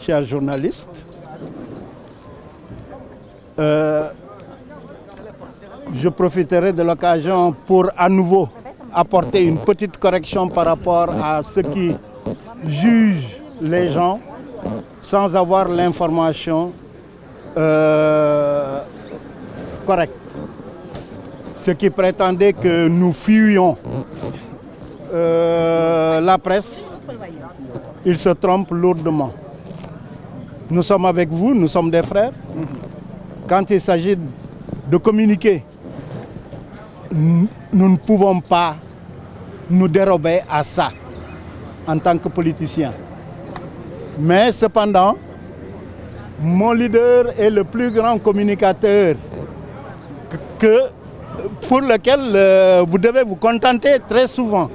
chers journalistes, euh, je profiterai de l'occasion pour à nouveau apporter une petite correction par rapport à ce qui juge les gens sans avoir l'information euh, correcte. Ceux qui prétendaient que nous fuyions euh, la presse, ils se trompent lourdement. Nous sommes avec vous, nous sommes des frères. Quand il s'agit de communiquer, nous ne pouvons pas nous dérober à ça en tant que politiciens. Mais cependant, mon leader est le plus grand communicateur que, pour lequel euh, vous devez vous contenter très souvent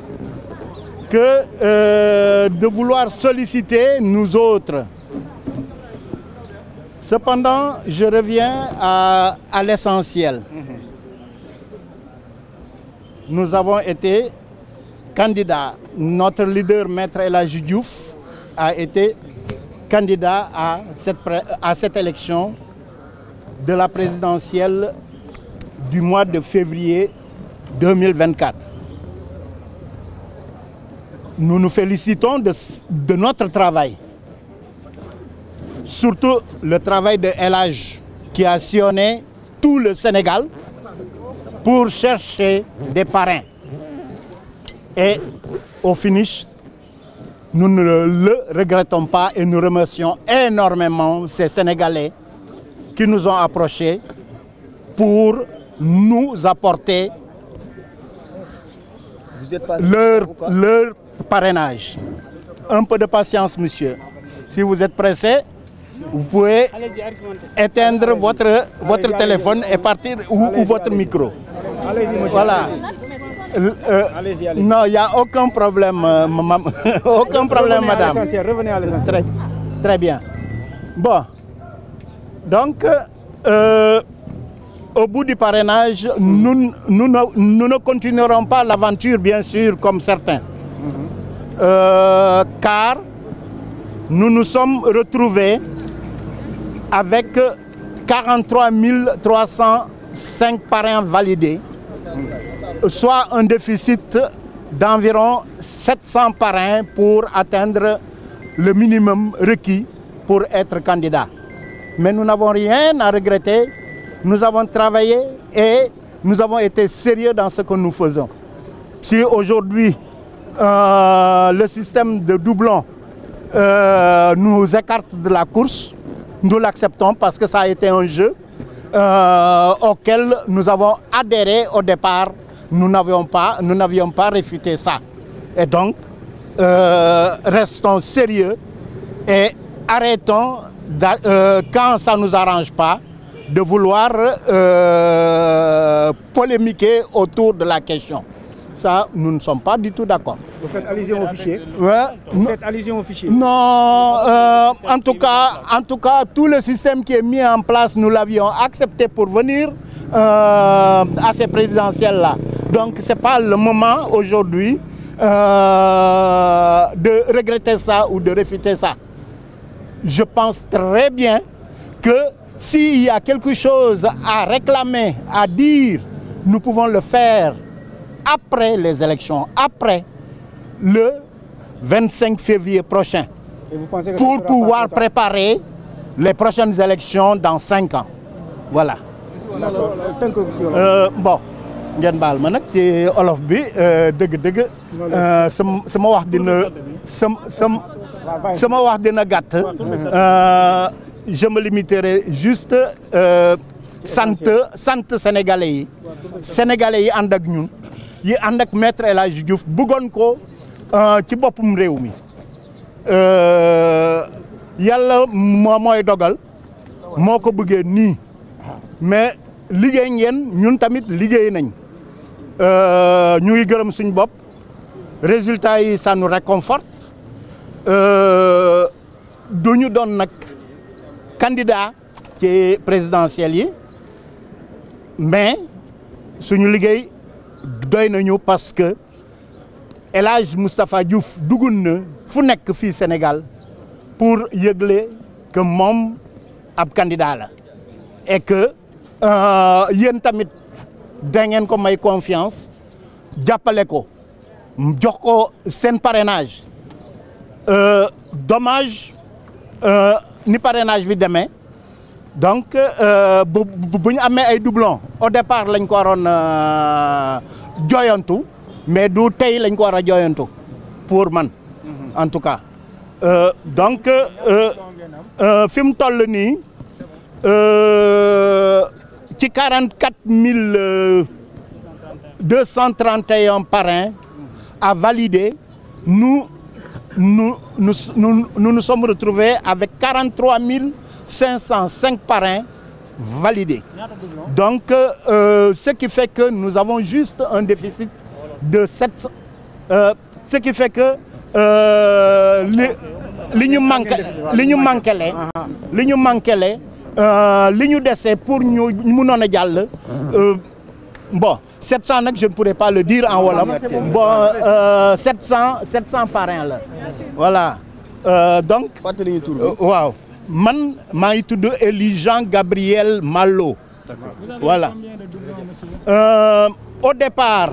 que euh, de vouloir solliciter nous autres. Cependant, je reviens à, à l'essentiel. Nous avons été candidats. Notre leader, Maître El Diouf, a à à cette de la présidentielle du mois de février 2024. Nous nous félicitons de, de notre travail. surtout le travail de El Hadj qui a sillonné tout le Sénégal pour chercher des parrains. Et au finish, nous ne le regrettons pas et nous remercions énormément ces Sénégalais qui nous ont approchés pour nous apporter Vous êtes pas leur, leur parrainage. Un peu de patience, monsieur. Si vous êtes pressé, vous pouvez éteindre votre, votre téléphone et partir ou, votre micro. Euh, non, il a aucun problème, euh, madame. très, bien. Bon. Donc, euh, au bout du parrainage, nous, ne, continuerons pas l'aventure, bien sûr, comme certains. Mhm. car nous nous sommes retrouvés avec 43 305 parrains validés, soit un déficit d'environ 700 parrains pour atteindre le minimum requis pour être candidat. Mais nous n'avons rien à regretter, nous avons travaillé et nous avons été sérieux dans ce que nous euh, le système de doublons euh, nous de la course, Nous l'acceptons parce que ça a été un jeu euh, auquel nous avons adhéré au départ. Nous n'avions pas, nous n'avions pas réfuté ça. Et donc, euh, restons sérieux et arrêtons, euh, quand ça ne nous arrange pas, de vouloir euh, polémiquer autour de la question. Ça, nous ne sommes pas du tout d'accord. Vous faites allusion au fichier ouais. Vous faites allusion au fichier Non, euh, en, tout cas, en tout cas, tout le système qui est mis en place, nous l'avions accepté pour venir euh, à ces présidentielles-là. Donc ce n'est pas le moment aujourd'hui euh, de regretter ça ou de réfuter ça. Je pense très bien que s'il y a quelque chose à réclamer, à dire, nous pouvons le faire après les élections, après le 25 février prochain, Et vous que pour pouvoir préparer les prochaines élections dans cinq ans voilà. Euh, bon ngeen baal ma nag ci olof bi euh, dëgg-dëgg. Euh, sama sama wax dina sama sama sama wax dina gàtt. je me limiterai juste sant sant yi sénégalais yi ànd ak ñun. yi ànd ak maître El Hadji Diouf bëggoon ko euh, ci boppum réew mi euh, yàlla moo mooy dogal moo ko bëggee nii mais liggéey ngeen ñun tamit liggéey nañ euh, ñu ngi gërëm suñ bopp résultat yi ça nous réconforte du ñu doon nag candidat ci présidentiel yi mais suñu liggéey doy nañu parce que El Hadj Moustapha Diouf dugun na fu nekk fii Sénégal pour yëgle que moom ab candidat la et que euh, yéen tamit da ko may confiance jàppale ko jox ko seen parrainage euh, dommage euh, ni parrainage bi demee donc euh, bu bu ñu amee ay doublons au départ lañ ko waroon euh, jooyantu mais du tey lañ ko war a jooyantu pour man. Mhm. en tout cas euh, donc fi mu toll nii ci quarante quatre mille deux cent trente et un parrains à valider nous nu nous nous nous nous sommes avec quarante trois mille. 505 parrains validés. Donc, euh, ce qui fait que nous avons juste un déficit de 7... Euh, ce qui fait que euh, li li ñu manqué li ñu manqué lee li ñu manqué lee euh, li ñu dese pour ñu mënoon a jàll euh, bon 700 nag je ne pourrais pas le dire en wolof bon 700 cent parrain la voilà donc. fàttali ñu tur bi man maa ngi tudd Élie Jean Gabriel mallo voilà euh, au départ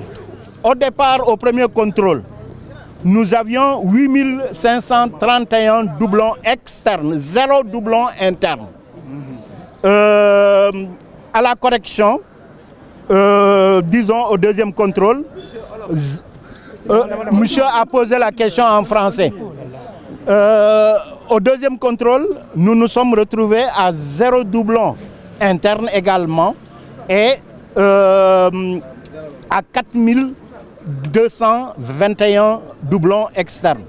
au départ au premier contrôle nous avions 8531 doublons externes zéro doublon interne euh, à la correction euh, disons au deuxième contrôle euh, monsieur a posé la question en français Euh, au deuxième contrôle, nous nous sommes retrouvés à zéro doublon interne également et euh, à 4221 doublons externes.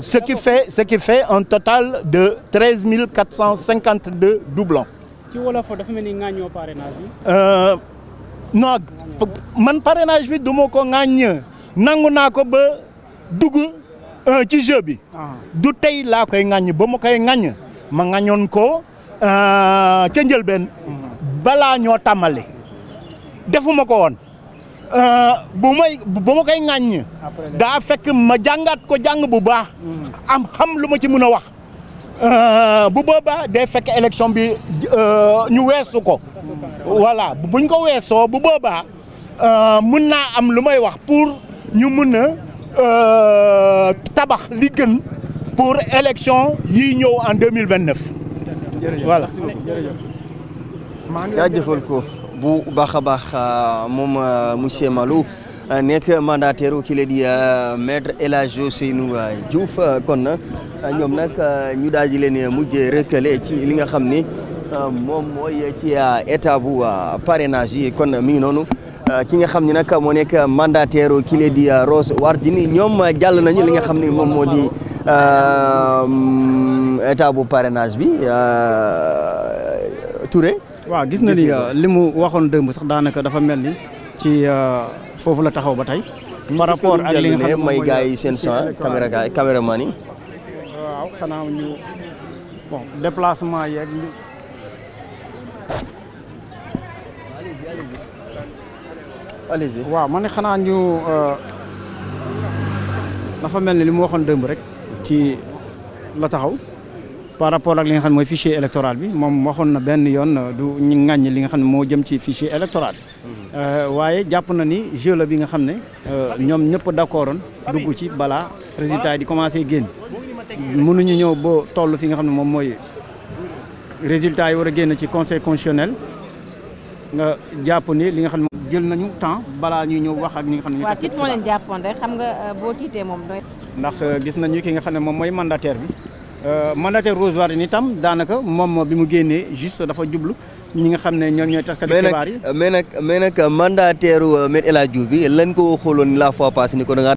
Ce qui, fait, ce qui fait un total de 13 452 doublons. ci wolof dafa mel ni ŋaañoo parrainage bi. Euh, non man parrainage bi du ko ŋaañ nangu naa ko ba dugg. un euh, ci jeu bi. Ah. du tey laa koy ŋaññ ba mu koy ŋaññ ma ŋañoon ko euh, ca njëlbeen. balaa ñoo tàmmali. defuma ko woon euh, bu may ba koy ŋaññ. daa fekk ma jàngaat ko jàng bu baax. Hmm. am xam lu ma ci mën a wax. bu boobaa day fekk élection bi ñu weesu ko. voilà buñ ko weesoo bu boobaa mën naa am lu may wax pour ñu mën a. Euh, tabax li gën pour élection yi ñëw en deux mille vingt neuf. voilà. jaajëfal ko bu baax a baax euh, moom euh, monsieur Malo. nekk mandataire ki la di maître El Hadj Ousseynou Diouf kon ñoom nag ñu daal di leen mujj rëkkale ci li nga xam ni moom mooy ci état bu parrainage yi kon mi ngi noonu. ki nga xam ni nag moo nekk mandataire ki lee di euh, Rose Wardini ñoom euh, jàll nañu li nga xam ne moom moo di euh, état bu bi Touré. gis na ni li mu waxoon démb sax daanaka dafa mel ni ci foofu la taxaw ba tey. par rapport ak may gars seen champs caméra gars caméraman yi. allez-y waaw man ne xanaa ñu euh, dafa mel ni li mu waxoon dëmb rek ci la taxaw par rapport ak li nga xam ne mooy fichier électoral bi moom waxoon na benn yoon euh, du ñu ŋàññ li nga xam ne moo jëm ci fichier électoral mhm. euh, waaye jàpp na ni jeu la bi nga xam ne ñoom ñëpp d'accordoon dugg ci balaa résultat yi di commencé génn mënuñu ñëw ba toll fi nga xam ne moom mooy résultat yi war a génn ci conseil constitutionnel nga jàpp ni li nga xam ne jël nañu temps balaa ñuy ñëw wax ak ñi nga xam ne. waaw tiit moo leen euh, moom doy. ndax euh, ki nga xam ne moom mooy mandataire bi euh, mandataire Rose Wardini tam daanaka moom bi mu génnee juste dafa jublu ñu nga xam ne ñoom ñooy taskati xibaar yi. mais nag mais nag mandataire Me El Hadji Diouf bi lañ ko xooloon la fois ni ko da